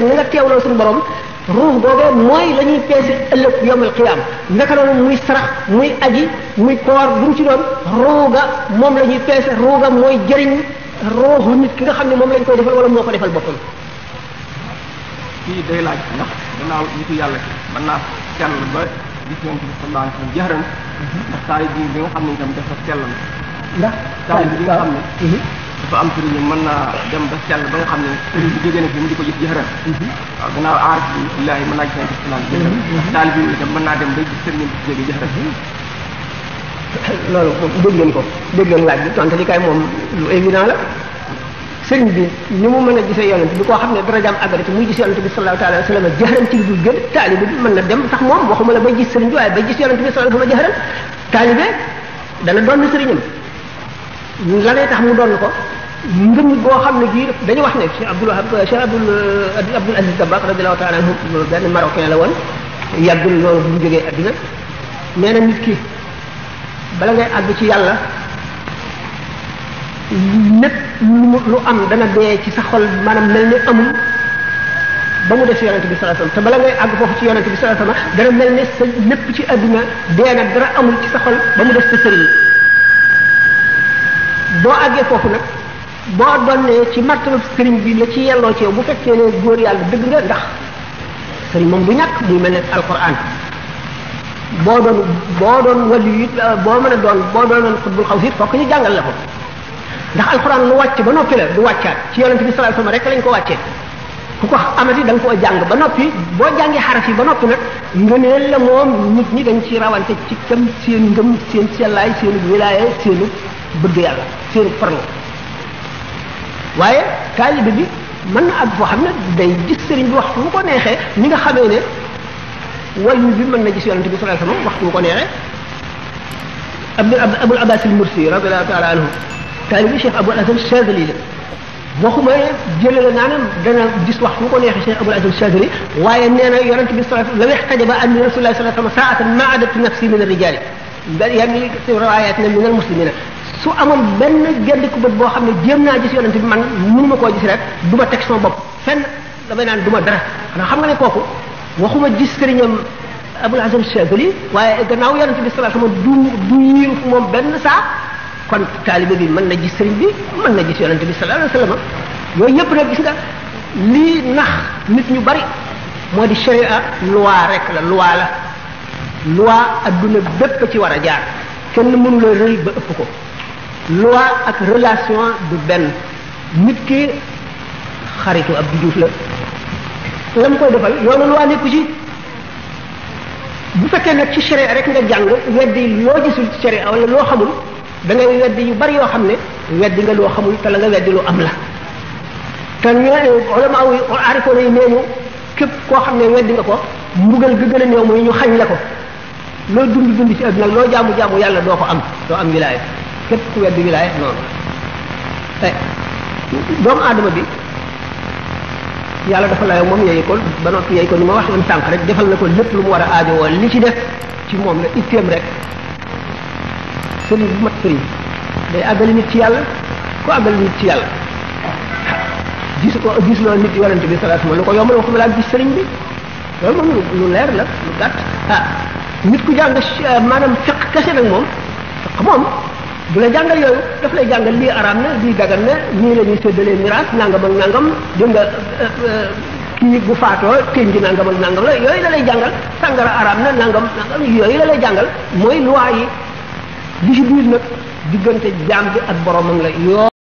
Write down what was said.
la na nga teewloo suñu borom ruux boobee mooy la ñuy peese ëllëg yowmal qiyaam naka noonu muy sarax muy aji muy koor bu mu ci doon ruuga moom la ñuy peese ruuga mooy jëriñ ruuxu nit ki nga xam ne moom lañ koy defal wala moo ko defal boppam. kii day laaj ndax gannaaw nitu yàlla ki mën naa sell ba gis yonent bi sallallahu alayhi wa sallam jaxran mhm. ndax taali bi nga xam ne itam dafa sell na. ndax taali bi nga xam ne. Mhm. dafa am sëriñ mën naa dem ba sell ba nga xam ne sëriñ bi jógee na fi mu di ko gis jëxëram waaw gannaaw aar bi billahi mën naa gis seen islam jëxëram taal bi itam mën naa dem ba gis sëriñ bi jógee jëxëram loolu dégg ngeen ko dégg ngeen laaj bi tontu li kay moom lu évident la sëriñ bi ni mu mën a gisee yonent bi koo xam ne dara jaam àggarati muy gis yonent bi sallallahu taala wa sallam jëxëram ci dul gën taalibe bi mën na dem sax moom waxuma la bay gis sëriñ bi waaye bay gis yonent bi sallallahu alayhi wa sallam jëxëram taalibe dana doon sëriñam la lay tax mu doon ko ngëm boo xam ne gii dañu wax ne Cheikh Abdul Wahab Cheikh Abdul Abdul Aziz Dabakh radiyallahu ta'ala anhu benn marocain la woon yàggul loolu bu mu jógee àddina nee na nit ki bala ngay àgg ci yàlla lépp lu lu am dana dee ci sa xol maanaam mel ni amul ba mu def yonente bi sallallahu alayhi wasallam te bala ngay àgg foofu ci yonente bi sallallahu alayhi wasallam dana mel ni sa lépp ci àdduna dee na dara amul ci sa xol ba mu def sa sëriñ boo àggee foofu nag boo donnee ci martaba sëriñ bi la ci yelloo ci bu fekkee ne góor yàlla dëgg nga ndax sëriñ moom du ñakk muy mel ne alquran boo doon boo doon wàllu it euh, boo man a doon boo doonoon xutbul xaw si fokk ñu jàngal la ko ndax alquran lu wàcc ba noppi la du wàccaat ci yonente bi sallallahu alayhi wasallam rek lañ ko wàccee ku ko amati da koo jàng ba noppi boo jàngee xaraf yi ba noppi nag ngëneel la moom nit ñi dañ ci rawante ci kam seen ngëm seen sellaay seen wilaaya seenu bëgg yàlla seenu farlu waaye taalibe bi mën na ak foo xam ne day gis sëriñ bi wax bu ko neexee ni nga xamee ne wayu bi mën na gis yonente bi sallallahu alayhi wasallam waxtu bu ko neexee abdul abdul abul abbas al mursi radiyallahu ta'ala anhu taalibe bi cheikh abou al hasan chazali la waxuma jële la nanam dana gis wax bu ko neexee cheikh abou al hasan chazali waaye nee na yonente bi sallallahu alayhi wasallam la wextajaba an rasulullah sallallahu alayhi wasallam sa'atan ma'adat nafsi min ar-rijal بل يعني في رواياتنا من muslimina su amoon benn gendiku bët boo xam ne jéem naa gis yonent bi man mënu ma koo gis rek du ma teg sama bopp fenn damay naan du ma dara xanaa xam nga ne kooku waxuma gis sëriñam Abul Hasan Chazali waaye gannaaw yonent bi sallallahu alayhi benn saa kon taalibe bi mën na gis sëriñ bi mën na gis yonent bi sallallahu alayhi wasallam yooyu yëpp nag gis nga lii nax nit ñu bari moo di sharia loi rek la loi la loi bépp ci war a jaar kenn mënu la rëy ba ëpp ko loi ak relation du benn nit ki xaritu Abdou Diouf la lam koy defal yoonu loi nekku ci bu fekkee nag ci sharia rek nga jàng weddi loo gisul ci sharia wala loo xamul da ngay weddi yu bari yoo xam ne weddi nga loo xamul te la nga weddi lu am la te ñoo ulama yi arifoona yi nee ñu képp koo xam ne weddi nga ko mbugal gi gën a néew mooy ñu xañ la ko loo dund dund ci àdduna loo jaamu jaamu yàlla doo ko am doo am wilaaya képp ku weddi wilaaya noonu doomu aadama bi yàlla dafa lay moom yey ko ba noppi yey ko ni ma wax leen sànq rek defal na ko lépp lu mu war a aajowoo li ci def ci moom la itteem rek bu mat sëriñ day àggali nit ci yàlla ku àggali nit ci yàlla gis ko gis loo nit yonent bi salaatu ma lu ko yomb la ko ma laa gis sëriñ bi loolu moom lu leer la lu gàtt ah, nit ku jàng maanaam fiq kese nag moom fiq moom du la jàngal yooyu daf lay jàngal lii araam na lii dagan na ñii la ñuy miraas nangam ak nangam dégg nga euh, euh, kii bu faatoo tén gi nangam ak nangam la yooyu la lay jàngal sàngara araam na nangam nangam yooyu la lay jàngal mooy loi yi ci biir na diggante jaam bi ak boromam la yoo